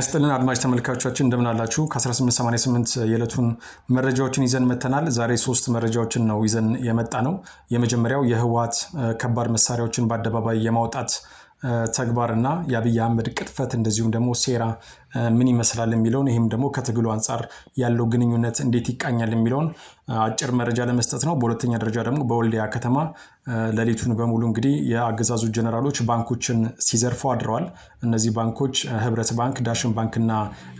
ይስጥልን አድማጭ ተመልካቾቻችን እንደምናላችሁ። ከ1888 የዕለቱን መረጃዎችን ይዘን መተናል። ዛሬ ሶስት መረጃዎችን ነው ይዘን የመጣ ነው። የመጀመሪያው የህወሓት ከባድ መሳሪያዎችን በአደባባይ የማውጣት ተግባርና የአብይ አህመድ ቅጥፈት እንደዚሁም ደግሞ ሴራ ምን ይመስላል የሚለውን ይህም ደግሞ ከትግሉ አንጻር ያለው ግንኙነት እንዴት ይቃኛል የሚለውን አጭር መረጃ ለመስጠት ነው። በሁለተኛ ደረጃ ደግሞ በወልዲያ ከተማ ሌሊቱን በሙሉ እንግዲህ የአገዛዙ ጀነራሎች ባንኮችን ሲዘርፉ አድረዋል። እነዚህ ባንኮች ህብረት ባንክ፣ ዳሽን ባንክና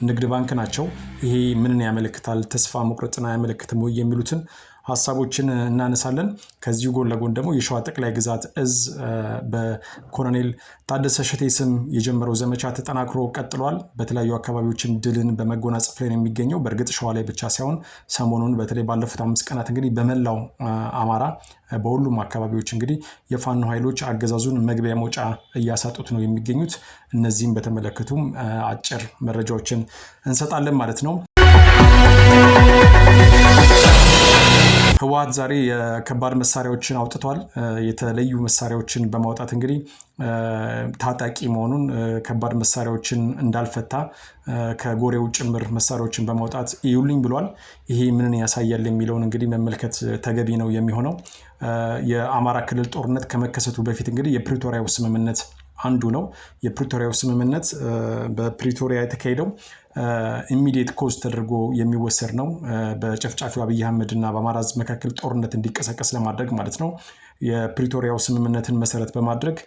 ንግድ ባንክ ናቸው። ይሄ ምንን ያመለክታል? ተስፋ መቁረጥን አያመለክትም ወይ የሚሉትን ሀሳቦችን እናነሳለን። ከዚሁ ጎን ለጎን ደግሞ የሸዋ ጠቅላይ ግዛት እዝ በኮሎኔል ታደሰ ሸቴ ስም የጀመረው ዘመቻ ተጠናክሮ ቀጥሏል። በተለያዩ አካባቢዎችን ድልን በመጎናጸፍ ላይ ነው የሚገኘው። በእርግጥ ሸዋ ላይ ብቻ ሳይሆን ሰሞኑን በተለይ ባለፉት አምስት ቀናት እንግዲህ በመላው አማራ በሁሉም አካባቢዎች እንግዲህ የፋኖ ኃይሎች አገዛዙን መግቢያ መውጫ እያሳጡት ነው የሚገኙት። እነዚህም በተመለከቱም አጭር መረጃዎችን እንሰጣለን ማለት ነው። ህወሓት ዛሬ የከባድ መሳሪያዎችን አውጥቷል። የተለዩ መሳሪያዎችን በማውጣት እንግዲህ ታጣቂ መሆኑን ከባድ መሳሪያዎችን እንዳልፈታ ከጎሬው ጭምር መሳሪያዎችን በማውጣት እዩልኝ ብሏል። ይሄ ምንን ያሳያል የሚለውን እንግዲህ መመልከት ተገቢ ነው የሚሆነው። የአማራ ክልል ጦርነት ከመከሰቱ በፊት እንግዲህ የፕሪቶሪያው ስምምነት አንዱ ነው። የፕሪቶሪያው ስምምነት በፕሪቶሪያ የተካሄደው ኢሚዲየት ኮዝ ተደርጎ የሚወሰድ ነው። በጨፍጫፊው አብይ አህመድ እና በአማራ ዝ መካከል ጦርነት እንዲቀሰቀስ ለማድረግ ማለት ነው። የፕሪቶሪያው ስምምነትን መሰረት በማድረግ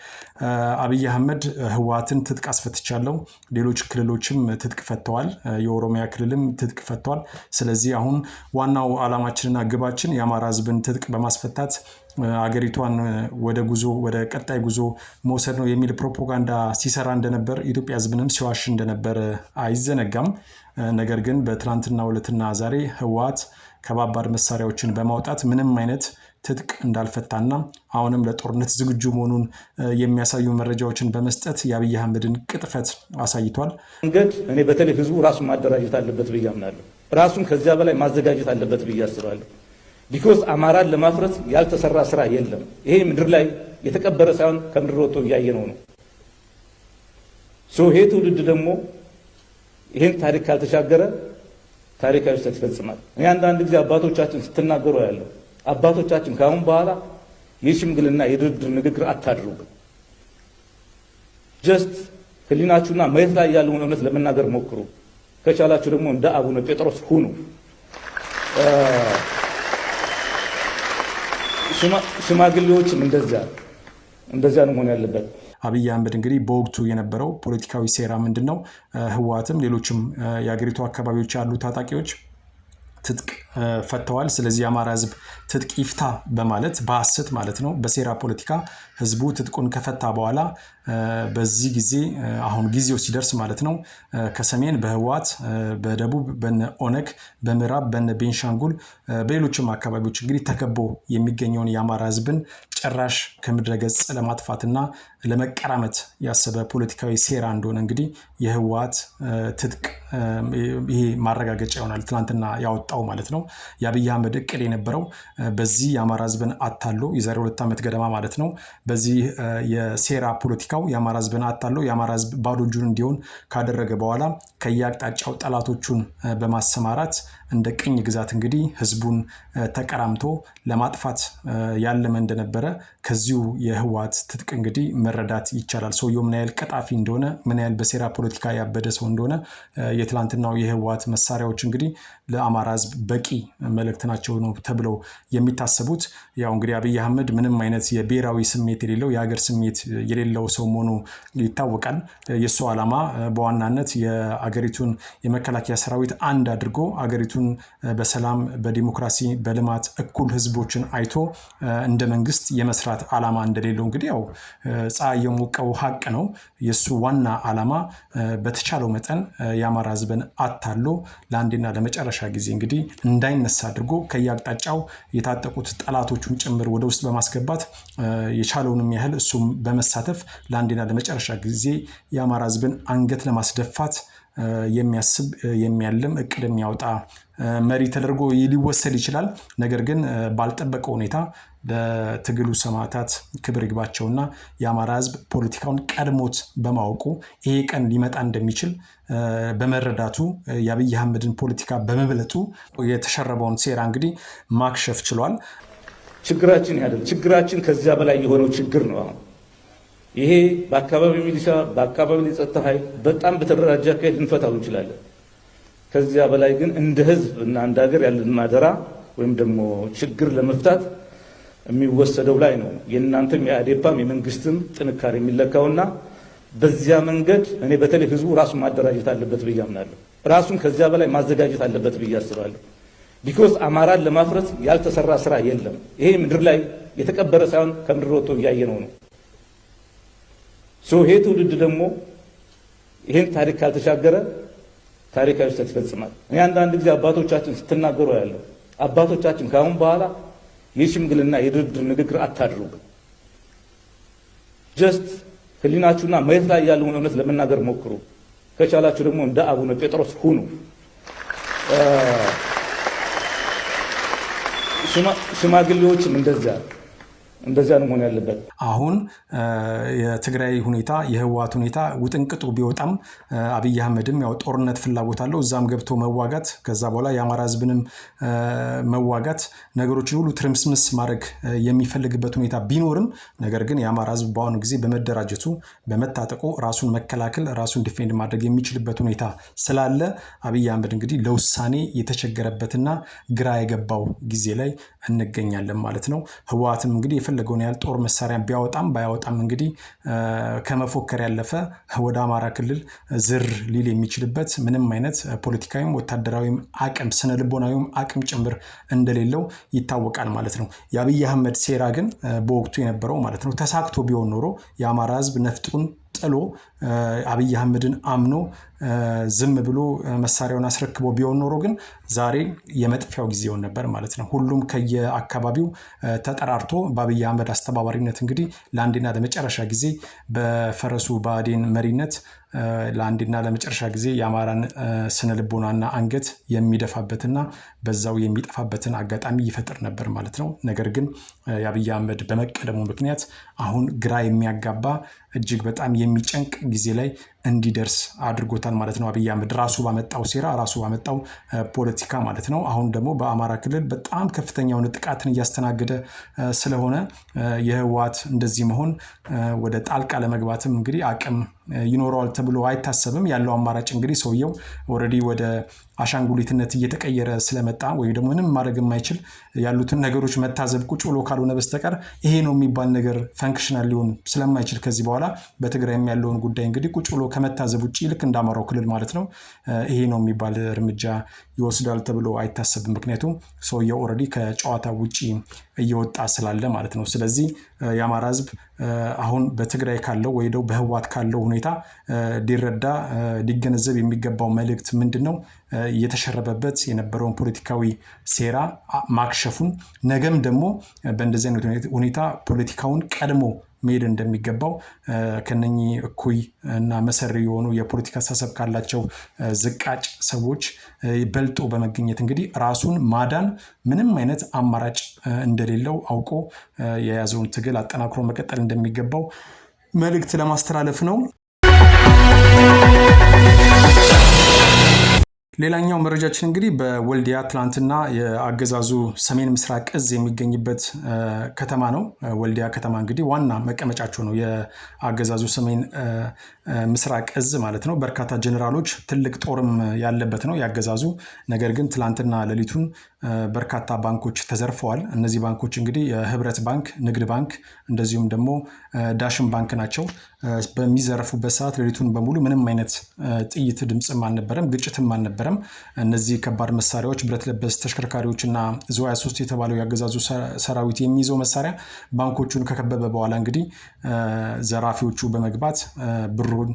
አብይ አህመድ ህወሓትን ትጥቅ አስፈትቻለሁ፣ ሌሎች ክልሎችም ትጥቅ ፈተዋል፣ የኦሮሚያ ክልልም ትጥቅ ፈተዋል። ስለዚህ አሁን ዋናው ዓላማችንና ግባችን የአማራ ህዝብን ትጥቅ በማስፈታት አገሪቷን ወደ ጉዞ ወደ ቀጣይ ጉዞ መውሰድ ነው የሚል ፕሮፓጋንዳ ሲሰራ እንደነበር ኢትዮጵያ ህዝብንም ሲዋሽ እንደነበር አይዘነጋም። አልተዘጋም። ነገር ግን በትናንትና ዕለትና ዛሬ ህወሓት ከባባድ መሳሪያዎችን በማውጣት ምንም አይነት ትጥቅ እንዳልፈታና አሁንም ለጦርነት ዝግጁ መሆኑን የሚያሳዩ መረጃዎችን በመስጠት የአብይ አህመድን ቅጥፈት አሳይቷል። መንገድ እኔ በተለይ ህዝቡ ራሱን ማደራጀት አለበት ብዬ አምናለሁ። ራሱን ከዚያ በላይ ማዘጋጀት አለበት ብዬ አስባለሁ። ቢኮዝ አማራን ለማፍረስ ያልተሰራ ስራ የለም። ይሄ ምድር ላይ የተቀበረ ሳይሆን ከምድር ወጥቶ እያየነው ነው። ይሄ ትውልድ ደግሞ ይህን ታሪክ ካልተሻገረ ታሪካዊ ስህተት ይፈጽማል። እኔ አንዳንድ ጊዜ አባቶቻችን ስትናገሩ ያለው አባቶቻችን ከአሁን በኋላ የሽምግልና የድርድር ንግግር አታድርጉ። ጀስት ህሊናችሁና መሬት ላይ ያለውን እውነት ለመናገር ሞክሩ። ከቻላችሁ ደግሞ እንደ አቡነ ጴጥሮስ ሁኑ። ሽማግሌዎችም እንደዚያ እንደዚያ ነው መሆን ያለበት። አብይ አህመድ እንግዲህ በወቅቱ የነበረው ፖለቲካዊ ሴራ ምንድን ነው? ህወሓትም ሌሎችም የአገሪቱ አካባቢዎች ያሉ ታጣቂዎች ትጥቅ ፈተዋል። ስለዚህ የአማራ ህዝብ ትጥቅ ይፍታ በማለት በሐሰት ማለት ነው በሴራ ፖለቲካ ህዝቡ ትጥቁን ከፈታ በኋላ በዚህ ጊዜ አሁን ጊዜው ሲደርስ ማለት ነው ከሰሜን በህወሓት በደቡብ በነ ኦነግ በምዕራብ በነ ቤንሻንጉል በሌሎችም አካባቢዎች እንግዲህ ተከቦ የሚገኘውን የአማራ ህዝብን ጭራሽ ከምድረ ገጽ ለማጥፋትና ለመቀራመት ያሰበ ፖለቲካዊ ሴራ እንደሆነ እንግዲህ የህወሓት ትጥቅ ይሄ ማረጋገጫ ይሆናል። ትናንትና ያወጣው ማለት ነው የአብይ አህመድ እቅድ የነበረው በዚህ የአማራ ህዝብን አታሎ የዛሬ ሁለት ዓመት ገደማ ማለት ነው በዚህ የሴራ ፖለቲካ ፖለቲካው የአማራ ህዝብን አታለው የአማራ ህዝብ ባዶ እጁን እንዲሆን ካደረገ በኋላ ከየአቅጣጫው ጠላቶቹን በማሰማራት እንደ ቅኝ ግዛት እንግዲህ ህዝቡን ተቀራምቶ ለማጥፋት ያለመ እንደነበረ ከዚሁ የህወሓት ትጥቅ እንግዲህ መረዳት ይቻላል። ሰውየው ምን ያህል ቀጣፊ እንደሆነ፣ ምን ያህል በሴራ ፖለቲካ ያበደ ሰው እንደሆነ የትላንትናው የህወሓት መሳሪያዎች እንግዲህ ለአማራ ህዝብ በቂ መልእክት ናቸው ነው ተብለው የሚታሰቡት። ያው እንግዲህ አብይ አህመድ ምንም አይነት የብሔራዊ ስሜት የሌለው የሀገር ስሜት የሌለው ሰው መሆኑ ይታወቃል። የእሱ ዓላማ በዋናነት የአገሪቱን የመከላከያ ሰራዊት አንድ አድርጎ አገሪቱን ሀገሪቱን በሰላም በዲሞክራሲ በልማት እኩል ህዝቦችን አይቶ እንደ መንግስት የመስራት አላማ እንደሌለው እንግዲህ ያው ፀሐይ የሞቀው ሀቅ ነው። የእሱ ዋና አላማ በተቻለው መጠን የአማራ ህዝብን አታሎ ለአንዴና ለመጨረሻ ጊዜ እንግዲህ እንዳይነሳ አድርጎ ከየአቅጣጫው የታጠቁት ጠላቶቹን ጭምር ወደ ውስጥ በማስገባት የቻለውንም ያህል እሱም በመሳተፍ ለአንዴና ለመጨረሻ ጊዜ የአማራ ህዝብን አንገት ለማስደፋት የሚያስብ የሚያልም እቅድ የሚያወጣ መሪ ተደርጎ ሊወሰድ ይችላል። ነገር ግን ባልጠበቀ ሁኔታ ለትግሉ ሰማዕታት ክብር ይግባቸውና የአማራ ሕዝብ ፖለቲካውን ቀድሞት በማወቁ ይሄ ቀን ሊመጣ እንደሚችል በመረዳቱ የአብይ አህመድን ፖለቲካ በመብለጡ የተሸረበውን ሴራ እንግዲህ ማክሸፍ ችሏል። ችግራችን ያደ ችግራችን ከዚያ በላይ የሆነው ችግር ነው አሁን ይሄ በአካባቢ ሚሊሻ በአካባቢው የጸጥታ ኃይል በጣም በተደራጀ አካሄድ ልንፈታው እንችላለን። ከዚያ በላይ ግን እንደ ህዝብ እና እንደ ሀገር ያለን ማደራ ወይም ደግሞ ችግር ለመፍታት የሚወሰደው ላይ ነው የእናንተም የአዴፓም የመንግስትም ጥንካሬ የሚለካውና በዚያ መንገድ እኔ በተለይ ህዝቡ ራሱን ማደራጀት አለበት ብዬ አምናለሁ። ራሱን ከዚያ በላይ ማዘጋጀት አለበት ብዬ አስባለሁ። ቢኮዝ አማራን ለማፍረስ ያልተሰራ ስራ የለም። ይሄ ምድር ላይ የተቀበረ ሳይሆን ከምድር ወጥቶ እያየ ነው ነው ሶ ይሄ ትውልድ ደግሞ ይሄን ታሪክ ካልተሻገረ ታሪካዊ ስህተት ይፈጽማል። እኔ አንዳንድ ጊዜ አባቶቻችን ስትናገሩ ያለው አባቶቻችን ከአሁን በኋላ የሽምግልና የድርድር ንግግር አታድርጉ። ጀስት ህሊናችሁና መሬት ላይ ያለውን እውነት ለመናገር ሞክሩ። ከቻላችሁ ደግሞ እንደ አቡነ ጴጥሮስ ሁኑ። ሽማግሌዎችም እንደዚያ እንደዚያ ነው መሆን ያለበት። አሁን የትግራይ ሁኔታ የህወሓት ሁኔታ ውጥንቅጡ ቢወጣም አብይ አህመድም ያው ጦርነት ፍላጎት አለው። እዛም ገብቶ መዋጋት ከዛ በኋላ የአማራ ህዝብንም መዋጋት ነገሮችን ሁሉ ትርምስምስ ማድረግ የሚፈልግበት ሁኔታ ቢኖርም ነገር ግን የአማራ ህዝብ በአሁኑ ጊዜ በመደራጀቱ በመታጠቁ ራሱን መከላከል ራሱን ዲፌንድ ማድረግ የሚችልበት ሁኔታ ስላለ አብይ አህመድ እንግዲህ ለውሳኔ የተቸገረበትና ግራ የገባው ጊዜ ላይ እንገኛለን ማለት ነው። ህወሓትም እንግዲህ የፈለገውን ያህል ጦር መሳሪያ ቢያወጣም ባያወጣም እንግዲህ ከመፎከር ያለፈ ወደ አማራ ክልል ዝር ሊል የሚችልበት ምንም አይነት ፖለቲካዊም ወታደራዊም አቅም ስነ ልቦናዊም አቅም ጭምር እንደሌለው ይታወቃል ማለት ነው። የአብይ አህመድ ሴራ ግን በወቅቱ የነበረው ማለት ነው ተሳክቶ ቢሆን ኖሮ የአማራ ህዝብ ነፍጡን ጥሎ አብይ አህመድን አምኖ ዝም ብሎ መሳሪያውን አስረክቦ ቢሆን ኖሮ ግን ዛሬ የመጥፊያው ጊዜውን ነበር ማለት ነው። ሁሉም ከየአካባቢው ተጠራርቶ በአብይ አህመድ አስተባባሪነት እንግዲህ ለአንዴና ለመጨረሻ ጊዜ በፈረሱ ብአዴን መሪነት ለአንዴና ለመጨረሻ ጊዜ የአማራን ስነ ልቦናና አንገት የሚደፋበትና በዛው የሚጠፋበትን አጋጣሚ ይፈጥር ነበር ማለት ነው። ነገር ግን የአብይ አህመድ በመቀደሙ ምክንያት አሁን ግራ የሚያጋባ እጅግ በጣም የሚጨንቅ ጊዜ ላይ እንዲደርስ አድርጎታል ማለት ነው። አብይ አህመድ ራሱ ባመጣው ሴራ ራሱ ባመጣው ፖለቲካ ማለት ነው። አሁን ደግሞ በአማራ ክልል በጣም ከፍተኛ የሆነ ጥቃትን እያስተናገደ ስለሆነ የህወሓት እንደዚህ መሆን ወደ ጣልቃ ለመግባትም እንግዲህ አቅም ይኖረዋል ተብሎ አይታሰብም። ያለው አማራጭ እንግዲህ ሰውየው ኦልሬዲ ወደ አሻንጉሊትነት እየተቀየረ ስለመጣ ወይም ደግሞ ምንም ማድረግ የማይችል ያሉትን ነገሮች መታዘብ ቁጭ ብሎ ካልሆነ በስተቀር ይሄ ነው የሚባል ነገር ፈንክሽናል ሊሆን ስለማይችል ከዚህ በኋላ በትግራይም ያለውን ጉዳይ እንግዲህ ቁጭ ብሎ ከመታዘብ ውጭ ልክ እንደ አማራው ክልል ማለት ነው ይሄ ነው የሚባል እርምጃ ይወስዳል ተብሎ አይታሰብም። ምክንያቱም ሰውየው ኦልሬዲ ከጨዋታ ውጭ እየወጣ ስላለ ማለት ነው። ስለዚህ የአማራ ሕዝብ አሁን በትግራይ ካለው ወይ በህዋት ካለው ሁኔታ ሊረዳ ሊገነዘብ የሚገባው መልእክት ምንድን ነው? እየተሸረበበት የነበረውን ፖለቲካዊ ሴራ ማክሸፉን ነገም ደግሞ በእንደዚህ አይነት ሁኔታ ፖለቲካውን ቀድሞ መሄድ እንደሚገባው ከነኚህ እኩይ እና መሰሪ የሆኑ የፖለቲካ አስተሳሰብ ካላቸው ዝቃጭ ሰዎች በልጦ በመገኘት እንግዲህ ራሱን ማዳን ምንም አይነት አማራጭ እንደሌለው አውቆ የያዘውን ትግል አጠናክሮ መቀጠል እንደሚገባው መልእክት ለማስተላለፍ ነው። ሌላኛው መረጃችን እንግዲህ በወልዲያ ትላንትና የአገዛዙ ሰሜን ምስራቅ እዝ የሚገኝበት ከተማ ነው። ወልዲያ ከተማ እንግዲህ ዋና መቀመጫቸው ነው የአገዛዙ ሰሜን ምስራቅ እዝ ማለት ነው። በርካታ ጀኔራሎች፣ ትልቅ ጦርም ያለበት ነው የአገዛዙ ነገር ግን ትላንትና ሌሊቱን በርካታ ባንኮች ተዘርፈዋል። እነዚህ ባንኮች እንግዲህ የህብረት ባንክ፣ ንግድ ባንክ እንደዚሁም ደግሞ ዳሽን ባንክ ናቸው። በሚዘረፉበት ሰዓት ሌሊቱን በሙሉ ምንም አይነት ጥይት ድምፅም አልነበረም፣ ግጭትም አልነበረም። እነዚህ ከባድ መሳሪያዎች፣ ብረት ለበስ ተሽከርካሪዎች እና ዙ 23 የተባለው የአገዛዙ ሰራዊት የሚይዘው መሳሪያ ባንኮቹን ከከበበ በኋላ እንግዲህ ዘራፊዎቹ በመግባት ብሩን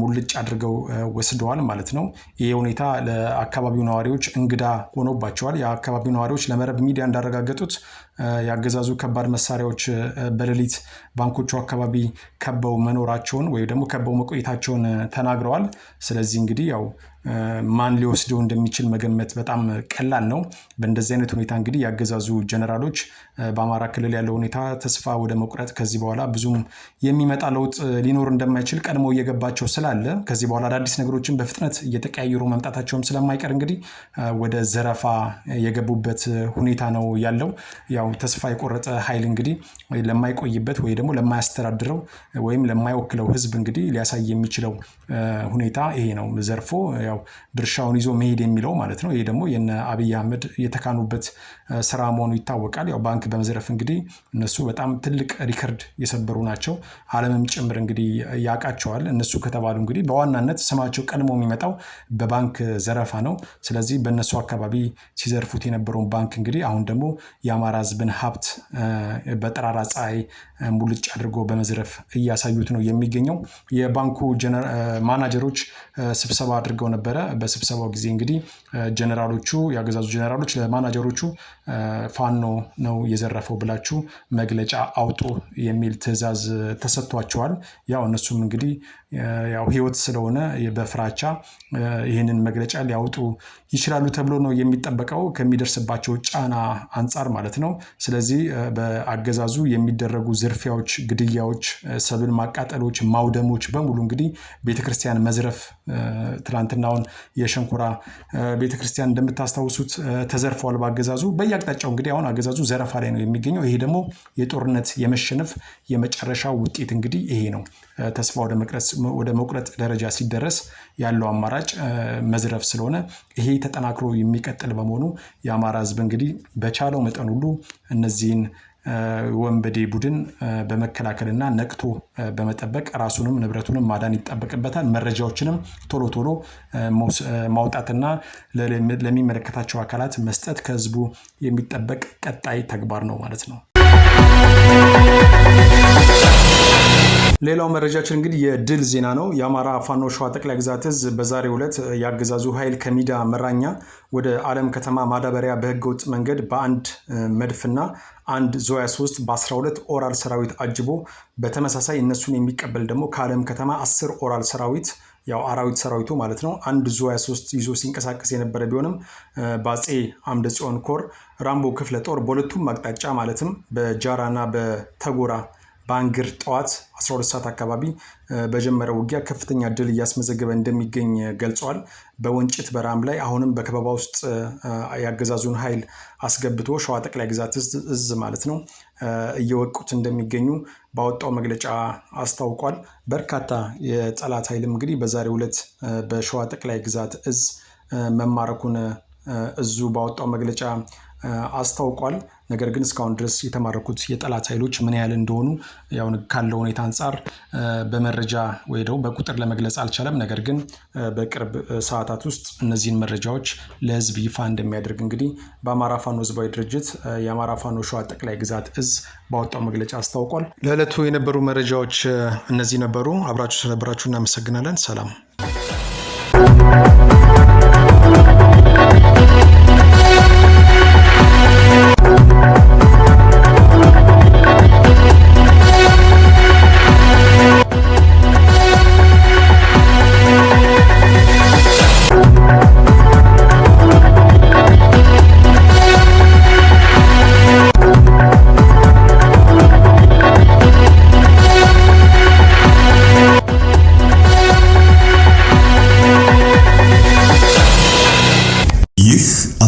ሙልጭ አድርገው ወስደዋል ማለት ነው። ይህ ሁኔታ ለአካባቢው ነዋሪዎች እንግዳ ሆኖባቸዋል። የአካባቢው ነዋሪዎች ለመረብ ሚዲያ እንዳረጋገጡት የአገዛዙ ከባድ መሳሪያዎች በሌሊት ባንኮቹ አካባቢ ከበው መኖራቸውን ወይም ደግሞ ከበው መቆየታቸውን ተናግረዋል። ስለዚህ እንግዲህ ያው ማን ሊወስደው እንደሚችል መገመት በጣም ቀላል ነው። በእንደዚህ አይነት ሁኔታ እንግዲህ የአገዛዙ ጀነራሎች በአማራ ክልል ያለው ሁኔታ ተስፋ ወደ መቁረጥ ከዚህ በኋላ ብዙም የሚመጣ ለውጥ ሊኖር እንደማይችል ቀድሞ እየገባቸው ስላለ ከዚህ በኋላ አዳዲስ ነገሮችን በፍጥነት እየተቀያየሩ መምጣታቸውም ስለማይቀር እንግዲህ ወደ ዘረፋ የገቡበት ሁኔታ ነው ያለው ያው ተስፋ የቆረጠ ኃይል እንግዲህ ለማይቆይበት ወይ ደግሞ ለማያስተዳድረው ወይም ለማይወክለው ህዝብ እንግዲህ ሊያሳይ የሚችለው ሁኔታ ይሄ ነው። ዘርፎ ያው ድርሻውን ይዞ መሄድ የሚለው ማለት ነው። ይሄ ደግሞ የነ አብይ አህመድ የተካኑበት ስራ መሆኑ ይታወቃል። ያው ባንክ በመዝረፍ እንግዲህ እነሱ በጣም ትልቅ ሪከርድ የሰበሩ ናቸው። ዓለምም ጭምር እንግዲህ ያውቃቸዋል። እነሱ ከተባሉ እንግዲህ በዋናነት ስማቸው ቀድሞ የሚመጣው በባንክ ዘረፋ ነው። ስለዚህ በእነሱ አካባቢ ሲዘርፉት የነበረውን ባንክ እንግዲህ አሁን ደግሞ የአማራ የህዝብን ሀብት በጠራራ ፀሐይ ሙልጭ አድርጎ በመዝረፍ እያሳዩት ነው የሚገኘው። የባንኩ ማናጀሮች ስብሰባ አድርገው ነበረ። በስብሰባው ጊዜ እንግዲህ ጀኔራሎቹ የአገዛዙ ጀኔራሎች ለማናጀሮቹ ፋኖ ነው የዘረፈው ብላችሁ መግለጫ አውጡ የሚል ትዕዛዝ ተሰጥቷቸዋል። ያው እነሱም እንግዲህ ያው ህይወት ስለሆነ በፍራቻ ይህንን መግለጫ ሊያውጡ ይችላሉ ተብሎ ነው የሚጠበቀው ከሚደርስባቸው ጫና አንጻር ማለት ነው። ስለዚህ በአገዛዙ የሚደረጉ ዝርፊያዎች፣ ግድያዎች፣ ሰብል ማቃጠሎች፣ ማውደሞች በሙሉ እንግዲህ ቤተክርስቲያን መዝረፍ ትላንትናውን የሸንኮራ ቤተክርስቲያን እንደምታስታውሱት ተዘርፈዋል በአገዛዙ በየአቅጣጫው። እንግዲህ አሁን አገዛዙ ዘረፋ ላይ ነው የሚገኘው። ይሄ ደግሞ የጦርነት የመሸነፍ የመጨረሻ ውጤት እንግዲህ ይሄ ነው። ተስፋ ወደ መቁረጥ ደረጃ ሲደረስ ያለው አማራጭ መዝረፍ ስለሆነ ይሄ ተጠናክሮ የሚቀጥል በመሆኑ የአማራ ሕዝብ እንግዲህ በቻለው መጠን ሁሉ እነዚህን ወንበዴ ቡድን በመከላከልና ነቅቶ በመጠበቅ ራሱንም ንብረቱንም ማዳን ይጠበቅበታል። መረጃዎችንም ቶሎ ቶሎ ማውጣትና ለሚመለከታቸው አካላት መስጠት ከህዝቡ የሚጠበቅ ቀጣይ ተግባር ነው ማለት ነው። ሌላው መረጃችን እንግዲህ የድል ዜና ነው። የአማራ ፋኖ ሸዋ ጠቅላይ ግዛት እዝ በዛሬው ዕለት የአገዛዙ ኃይል ከሚዳ መራኛ ወደ አለም ከተማ ማዳበሪያ በህገወጥ መንገድ በአንድ መድፍና አንድ ዞ 3 በ12 ኦራል ሰራዊት አጅቦ በተመሳሳይ እነሱን የሚቀበል ደግሞ ከአለም ከተማ 10 ኦራል ሰራዊት ያው አራዊት ሰራዊቱ ማለት ነው። አንድ ዙ 23 ይዞ ሲንቀሳቀስ የነበረ ቢሆንም በአጼ አምደ ጽዮን ኮር ራምቦ ክፍለ ጦር በሁለቱም አቅጣጫ ማለትም በጃራና በተጎራ በአንግር ጠዋት 12 ሰዓት አካባቢ በጀመረው ውጊያ ከፍተኛ ድል እያስመዘገበ እንደሚገኝ ገልጿል። በወንጭት በራም ላይ አሁንም በከበባ ውስጥ ያገዛዙን ኃይል አስገብቶ ሸዋ ጠቅላይ ግዛት እዝ ማለት ነው እየወቁት እንደሚገኙ ባወጣው መግለጫ አስታውቋል። በርካታ የጠላት ኃይልም እንግዲህ በዛሬው ዕለት በሸዋ ጠቅላይ ግዛት እዝ መማረኩን እዙ ባወጣው መግለጫ አስታውቋል። ነገር ግን እስካሁን ድረስ የተማረኩት የጠላት ኃይሎች ምን ያህል እንደሆኑ ያው ካለው ሁኔታ አንጻር በመረጃ ወይ ደግሞ በቁጥር ለመግለጽ አልቻለም። ነገር ግን በቅርብ ሰዓታት ውስጥ እነዚህን መረጃዎች ለሕዝብ ይፋ እንደሚያደርግ እንግዲህ በአማራ ፋኖ ሕዝባዊ ድርጅት የአማራ ፋኖ ሸዋ ጠቅላይ ግዛት እዝ ባወጣው መግለጫ አስታውቋል። ለዕለቱ የነበሩ መረጃዎች እነዚህ ነበሩ። አብራችሁ ስለነበራችሁ እናመሰግናለን። ሰላም